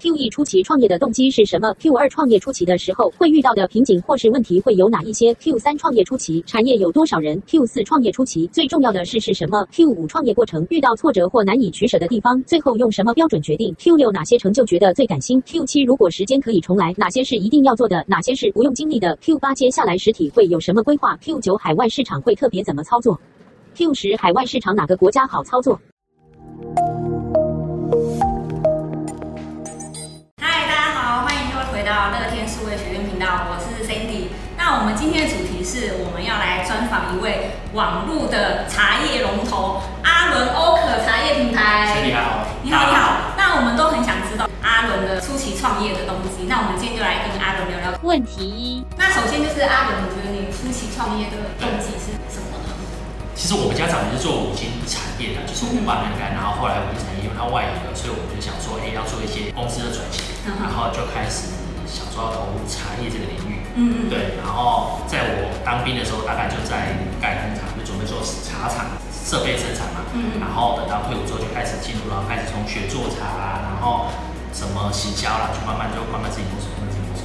q 一出奇創業的動機是什麼？Q 二創業出奇的時候會遇到的瓶頸或是問題會有哪一些？Q 三創業出奇產業有多少人？Q 四創業出奇最重要的是是什麼？Q 五創業過程遇到挫折或難以取捨的地方，最後用什麼標準決定？Q 六，哪些成就覺得最感興 q 七如果時間可以重來，哪些是一定要做的，哪些是不用經歷的？Q 八接下來實體會有什麼規劃？Q 九海外市場會特別怎麼操作？Q 十海外市場哪個國家好操作？好，我是 Sandy，那我們今天的主題是，我們要來專訪一位網路的茶葉龍頭阿倫歐可茶葉品牌。你好。你好、啊、你好，那我們都很想知道阿倫的初期創業的東西。那我們今天就來跟阿倫聊聊。問題一，那首先就是阿倫，你覺得你初期創業的動機是什麼呢？其實我們家長是做五金產業的，就是木板欄杆，然後後來五金產業有到它外移了，所以我們就想說，哎，要做一些公司的轉型，然後就開始。小時候投入茶葉這個領域，嗯嗯，對，然後在我當兵的時候，大概就在蓋工廠，就準備做茶廠設備生產嘛，嗯，嗯，然後等到退伍之後就開始進入，然後開始從學做茶啊，然後什麼洗腳啦，就慢慢就慢慢自己摸索，慢慢自己摸索。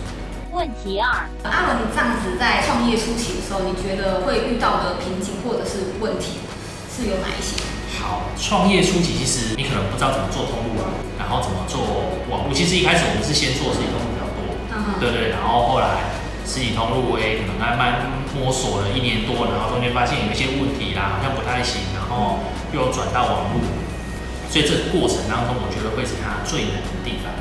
問題二，阿倫，你這樣子在創業初期的時候，你覺得會遇到的瓶頸或者是問題是有哪一些？好，創業初期其實你可能不知道怎麼做通路啊，然後怎麼做網絡，其實一開始我們是先做自己通。對對，然後後來實體通路，我也、欸、可能慢慢摸索了一年多，然後中間發現有一些問題啦，好像不太行，然後又轉到網絡，所以這個過程當中，我覺得會是他最難的地方。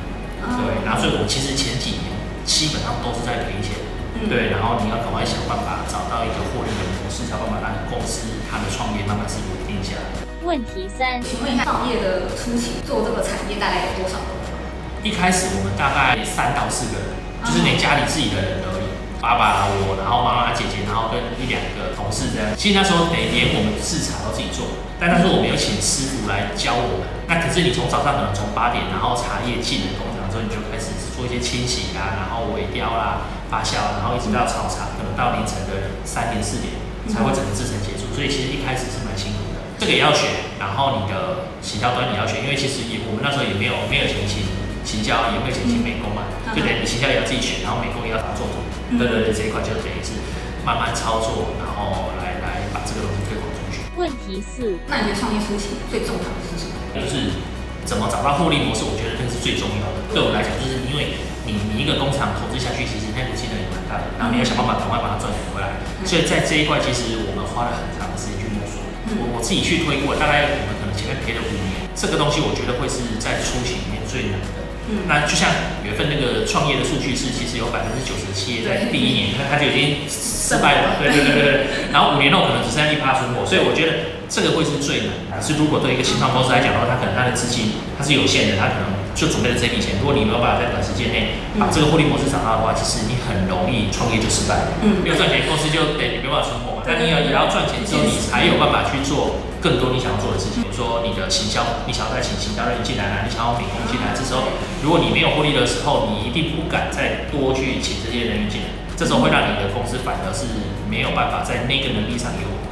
哦、對，然後所以我們其實前幾年基本上都是在賠錢。嗯、對，然後你要趕快想辦法找到一個獲利的模式，想辦法讓公司它的創業慢慢是穩定下來。問題三，請問一下創業的初期做這個產業大概有多少人？一開始我們大概三到四個人。就是連家裡自己的人而已，爸爸、我，然後媽媽、姐姐，然後跟一兩個同事這樣。其實那時候得連我們製茶都自己做，但那時候我們有請師傅來教我們。那可是你從早上可能從八點，然後茶葉進工廠之後，你就開始做一些清洗啊，然後萎凋啦、發酵、啊，然後一直到炒茶，可能到凌晨的三點四點才會整個制程結束。所以其實一開始是蠻辛苦的，這個也要學，然後你的行銷端也要學，因為其實也我們那時候也沒有沒有前期，行銷、啊、也會進行美工嘛？嗯、就等於，你行銷也要自己選，然後美工也要打做做。對對對，這一塊就等於是慢慢操作，然後來來把這個東西推廣出去。問題是，那你的創業初期最重要的是什麼？就是怎麼找到獲利模式，我覺得那是最重要的。對我來講，就是因為你你一個工廠投資下去，其實那筆金額也蠻大的，然後你要想辦法趕快把它賺錢回來。所以在這一塊，其實我們花了很長的時間去摸索。我我自己去推過，大概我們可能前面賠了五年。這個東西我覺得會是在初期裡面最難的。那就像有一份那個創業的數據是，其實有百分之九十七在第一年，他對它就已經失敗了。敗了，對對對對。 然後五年後可能只剩下一趴存活，所以我覺得這個會是最難的。是如果對一個初創公司來講的話，它可能它的資金它是有限的，它可能。就準備了這筆錢，如果你沒有辦法在短時間內把這個獲利模式找到的話，其實你很容易創業就失敗。嗯、沒有賺錢公司就等於沒有辦法存活嘛。但你也要賺錢之後，你才有辦法去做更多你想要做的事情，比如說你的行銷，你想要再請行銷人員進來啊，你想要美工進來。這時候，如果你沒有獲利的時候，你一定不敢再多去請這些人員進來。這時候會讓你的公司反而是沒有辦法在那個能力上有。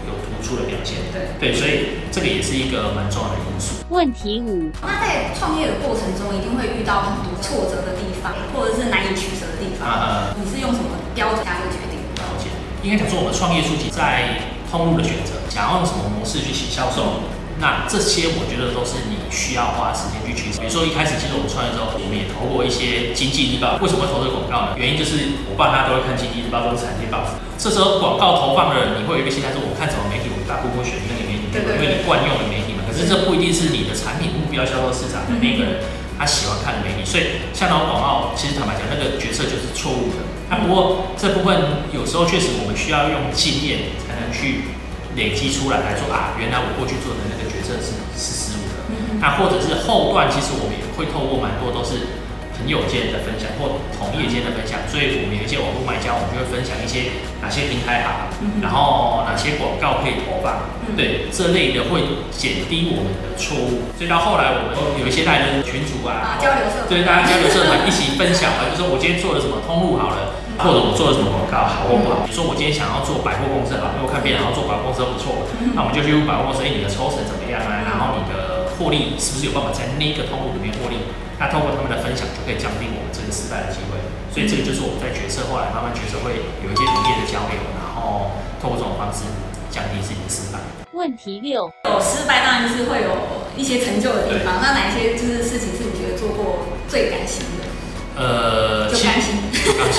出的表現，對對，所以這個也是一個蠻重要的因素。問題五，那在創業的過程中，一定會遇到很多挫折的地方，或者是難以取捨的地方。啊，你是用什麼標準來決定？了解，應該講說我們創業初期在通路的選擇，想要用什麼模式去行銷售。那這些我覺得都是你需要花時間去取捨。比如說一開始，其實我們創業之後，我們也投過一些經濟日報。為什麼會投這個廣告呢？原因就是我爸媽都會看經濟日報，都是產業報。這時候廣告投放的人，你會有一個心態說：我看什麼媒體，我大部分選那個媒體，因為你慣用的媒體嘛。可是這不一定是你的產品目標銷售市場的那個人他喜歡看的媒體。所以像這廣告，其實坦白講，那個角色就是錯誤的。那不過這部分有時候確實我們需要用經驗才能去。累積出來，來說啊，原來我過去做的那個角色是是失誤的，那或者是後段，其實我們也會透過蠻多都是。朋友間的分享或同業間的分享，所以我們有一些網絡賣家，我們就會分享一些哪些平台好，然後哪些廣告可以投放，對這類的會減低我們的錯誤。所以到後來，我們都有一些大家群組啊，交流社團，對大家交流社團一起分享啊，就是說我今天做了什麼通路好了，或者我做了什麼廣告好或不好？比如說我今天想要做百貨公司，好，因為我看別人做百貨公司都不錯，那我們就去百貨公司，欸，你的抽成怎麼樣啊？然後你的獲利是不是有辦法在那個通路裡面獲利？那、啊、透過他們的分享，就可以降低我們這個失敗的機會。所以這個就是我們在決策，後來慢慢決策會有一些經驗的交流，然後透過這種方式降低自己的失敗。問題六：有失敗當然就是會有一些成就的地方。對那哪一些就是事情是你覺得做過最感性的？呃，感開心七，就開心。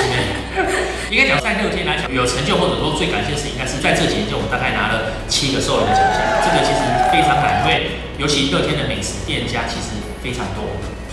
應該講在樂天來講有成就，或者說最感謝的事情，應該是在這幾年就我們大概拿了七個受人的獎項，這個其實非常難，因為尤其樂天的美食店家其實非常多。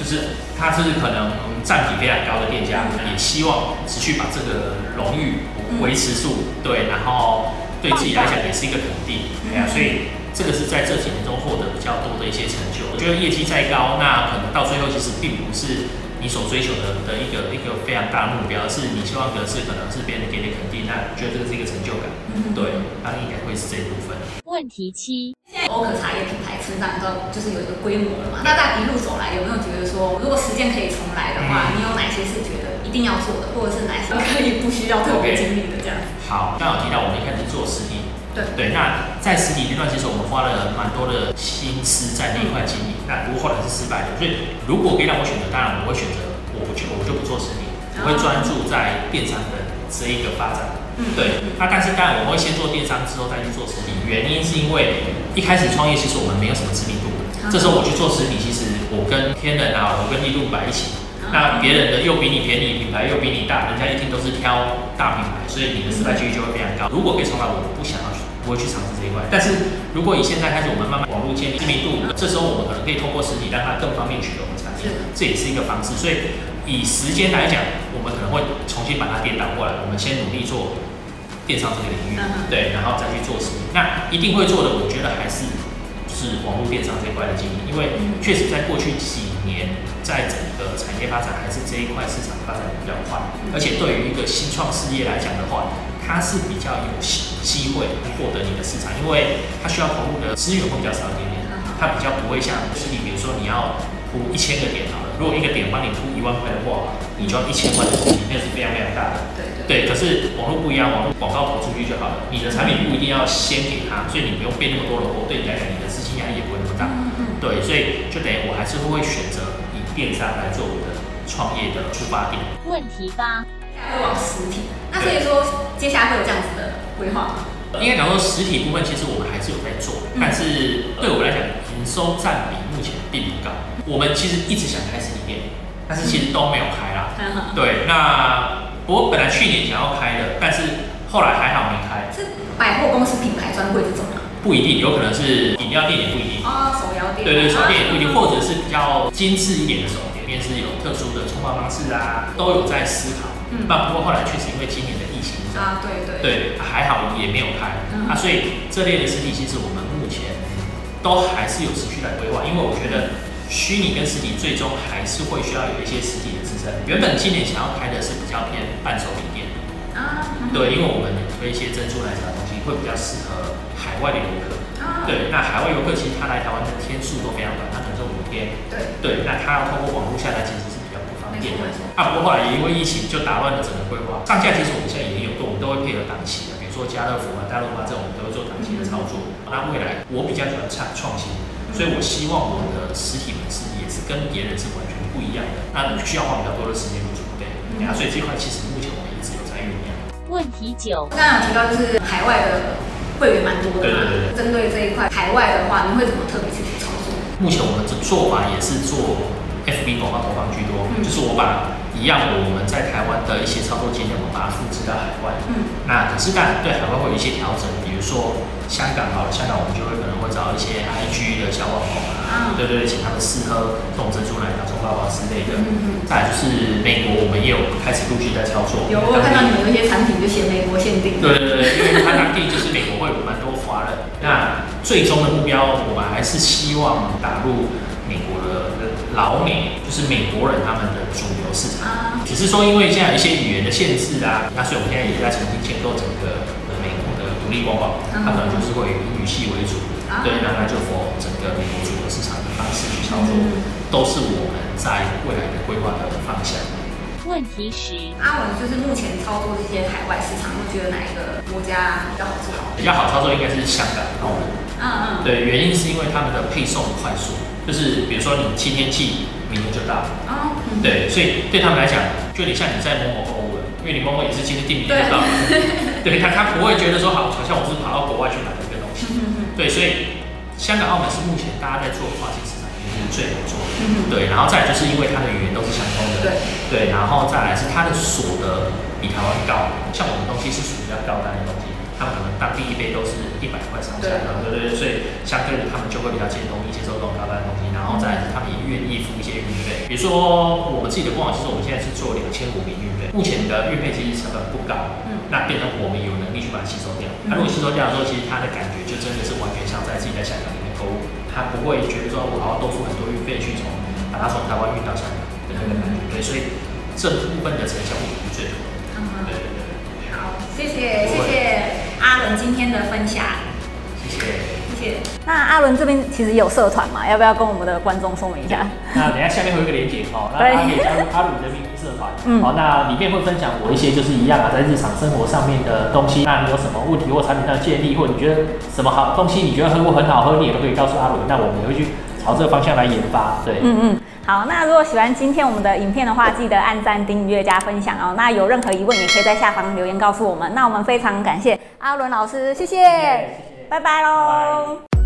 就是他，是可能佔比、嗯、非常高的店家，嗯、也希望持續把這個榮譽維持住，嗯、對，然後對自己來講也是一個肯定，對啊、嗯，所以這個是在這幾年中獲得比較多的一些成就。嗯、我覺得業績再高，那可能到最後其實並不是你所追求的的一個一個非常大的目標，而是你希望的是可能是別人給你肯定，那我覺得這個是一個成就感，嗯、對，當然應該會是這一部分。問題七。歐可茶葉品牌成長中，就是有一個規模了嘛？嗯、那大家一路走來，有沒有覺得說，如果時間可以重來的話，你有哪些是覺得一定要做的，或者是哪些可以不需要特別經歷的這樣？Okay. 好，剛好提到我們一開始做實體對，對對，那在實體那段，其實我們花了蠻多的心思在那一塊經歷，那如果後來是失敗的。所以如果可以讓我選擇，當然我會選擇，我不去，我就不做實體，我會專注在電商的這一個發展。對，那但是當然我們會先做電商，之後再去做實體。原因是因為一開始創業，其實我們沒有什麼知名度。嗯、這時候我去做實體，其實我跟天仁啊，然後我跟立頓擺一起，那別人的又比你便宜，品牌又比你大，人家一定都是挑大品牌，所以你的失敗幾率就會非常高。嗯、如果可以重來，我不想要去，不會去嘗試這一塊。但是如果以現在開始，我們慢慢網路建立知名度，嗯、這時候我們可能可以通過實體讓它更方便取得我們產品，這也是一個方式。所以以時間來講，我們可能會重新把它顛倒過來，我們先努力做。電商這個領域，對，然後再去做生意，那一定會做的，我覺得還是是網絡電商這一塊的經營。因為確實在過去幾年，在整個產業發展還是這一塊市場發展比較快，而且對於一個新創事業來講的話，它是比較有機會獲得你的市場，因為它需要投入的資源會比較少一點點，它比較不會像就是你比如說你要鋪一千個點好了，如果一個點幫你鋪一萬塊的話，你就要一千萬，那是非常非常大的。對。對，可是網絡不一樣，網絡廣告投出去就好了。你的產品不一定要先給他，所以你不用變那麼多的貨。對你來講，你的資金壓力也不會那麼大。嗯嗯嗯對，所以就等於我還是會選擇以電商來做我的創業的出發點。問題八，會往實體？那所以說，接下來會有這樣子的規劃嗎？應該講說，實體部分其實我們還是有在做，但是對我們來講，營收占比目前並不高。我們其實一直想開實體店，但是其實都沒有開啦。嗯嗯嗯對，那。我本來去年想要開的，但是後來還好沒開。是百貨公司品牌專櫃這種、啊、不一定，有可能是飲料店也不一定啊、哦，手搖店。對，對對，手店也不一定，啊嗯、或者是比較精致一點的手裡面是有特殊的沖泡方式啊，都有在思考。嗯。但不過後來確實因為今年的疫情啊，對對對，對還好我們也沒有開、嗯、啊，所以這類的實體其實我們目前都還是有持續在規劃，因為我覺得虛擬跟實體最終還是會需要有一些實體。原本今年想要開的是比較偏伴手禮店，啊，對，因為我們推一些珍珠奶茶東西會比較適合海外的遊客，對，那海外遊客其實他來台灣的天數都非常短，他可能做五天，對，對，那他要通過網絡下單其實是比較不方便的。啊，不過後來也因為疫情就打亂了整個規劃，上架其實我們現在已經有做，我們都會配合檔期的，比如說家樂福啊、大潤發這種，我們都會做檔期的操作。嗯嗯、那未來我比較喜歡創創新，所以我希望我的實體門市也是跟別人是完全。不一樣的，那你需要花比較多的時間去準備。對、嗯，那所以這塊其實目前我們一直有在醞釀。問題九，我剛剛有提到就是海外的會員蠻多的，對，對對對。針對這一塊海外的話，你會怎麼特別去操作？目前我們的做法也是做 F B 廣告投放居多，嗯、就是我把一樣的我，我們在台灣的一些操作經驗，我們把它複製到海外。嗯。那可是但對海外會有一些調整，比如說香港、好了，香港我們就會可能會找一些 I G 的小網紅。對對對，請他們試喝，從中出來打沖包包之類的。嗯嗯哼。再來就是美國，我們也有開始陸續在操作。有，我看到你們有一些產品就寫美國限定。對對對，因為它當地就是美國會有蠻多華人。 那最終的目標，我們還是希望打入美國的老美，就是美國人他們的主流市場。啊、只是說因為現在有一些語言的限制啊，那所以我們現在也在重新建構整個美國的獨立官網，它可能、啊、就是會以語系為主。啊、對，然後就我整個美國主流市場的方式去操作，都是我們在未來的規劃的方向。問題是阿文就是目前操作這些海外市場，會覺得哪一個國家比較好操作？比較好操作應該是香港、澳門。嗯嗯。對，原因是因為他們的配送快速，就是比如說你今天寄，明天就到哦。對，所以對他們來講，就你像你在某某購物，因為你某某也是今天訂明天到。對他，他他不會覺得說好，好像我是跑到國外去。對，所以香港、澳門是目前大家在做跨境市場裡面是最好做的。對，然後再來就是因為它的語言都是相通的。對，然後再來是它的所得比台灣高，像我們的東西是屬於比較高單的東西。他們可能當地一杯都是一百塊上下，對對對，所以相對的他們就會比較接容易接受這種高端的東西，然後再來他們也願意付一些運費。比如說我們自己的官網，其實我們現在是做兩千五免運費，目前的運費其實成本不高，嗯，嗯，嗯、那變成我們有能力去把它吸收掉。那如果吸收掉的時候，其實他的感覺就真的是完全像在自己在香港裡面購物，他不會覺得說我還要多付很多運費去從把它從台灣運到香港，嗯嗯嗯嗯、對對對，對，所以這部分的成交最多，對對對，好，謝謝謝謝。阿倫今天的分享，謝謝謝謝。那阿倫這邊其實有社團嘛？要不要跟我們的觀眾說明一下？那等一下下面會有一個連接哦， 對 那他可以加入阿倫這邊社團。 嗯，好，那裡面會分享我一些就是一樣啊，在日常生活上面的東西。那你有什麼問題或產品上的建議，或者你覺得什麼好東西？你覺得喝過很好喝，你也可以告訴阿倫。那我們回去。朝這個方向來研發，對，嗯嗯，好，那如果喜歡今天我們的影片的話，記得按讚、訂閱、加分享哦、喔。那有任何疑問，也可以在下方留言告訴我們。那我們非常感謝阿倫老師，謝謝，拜拜嘍。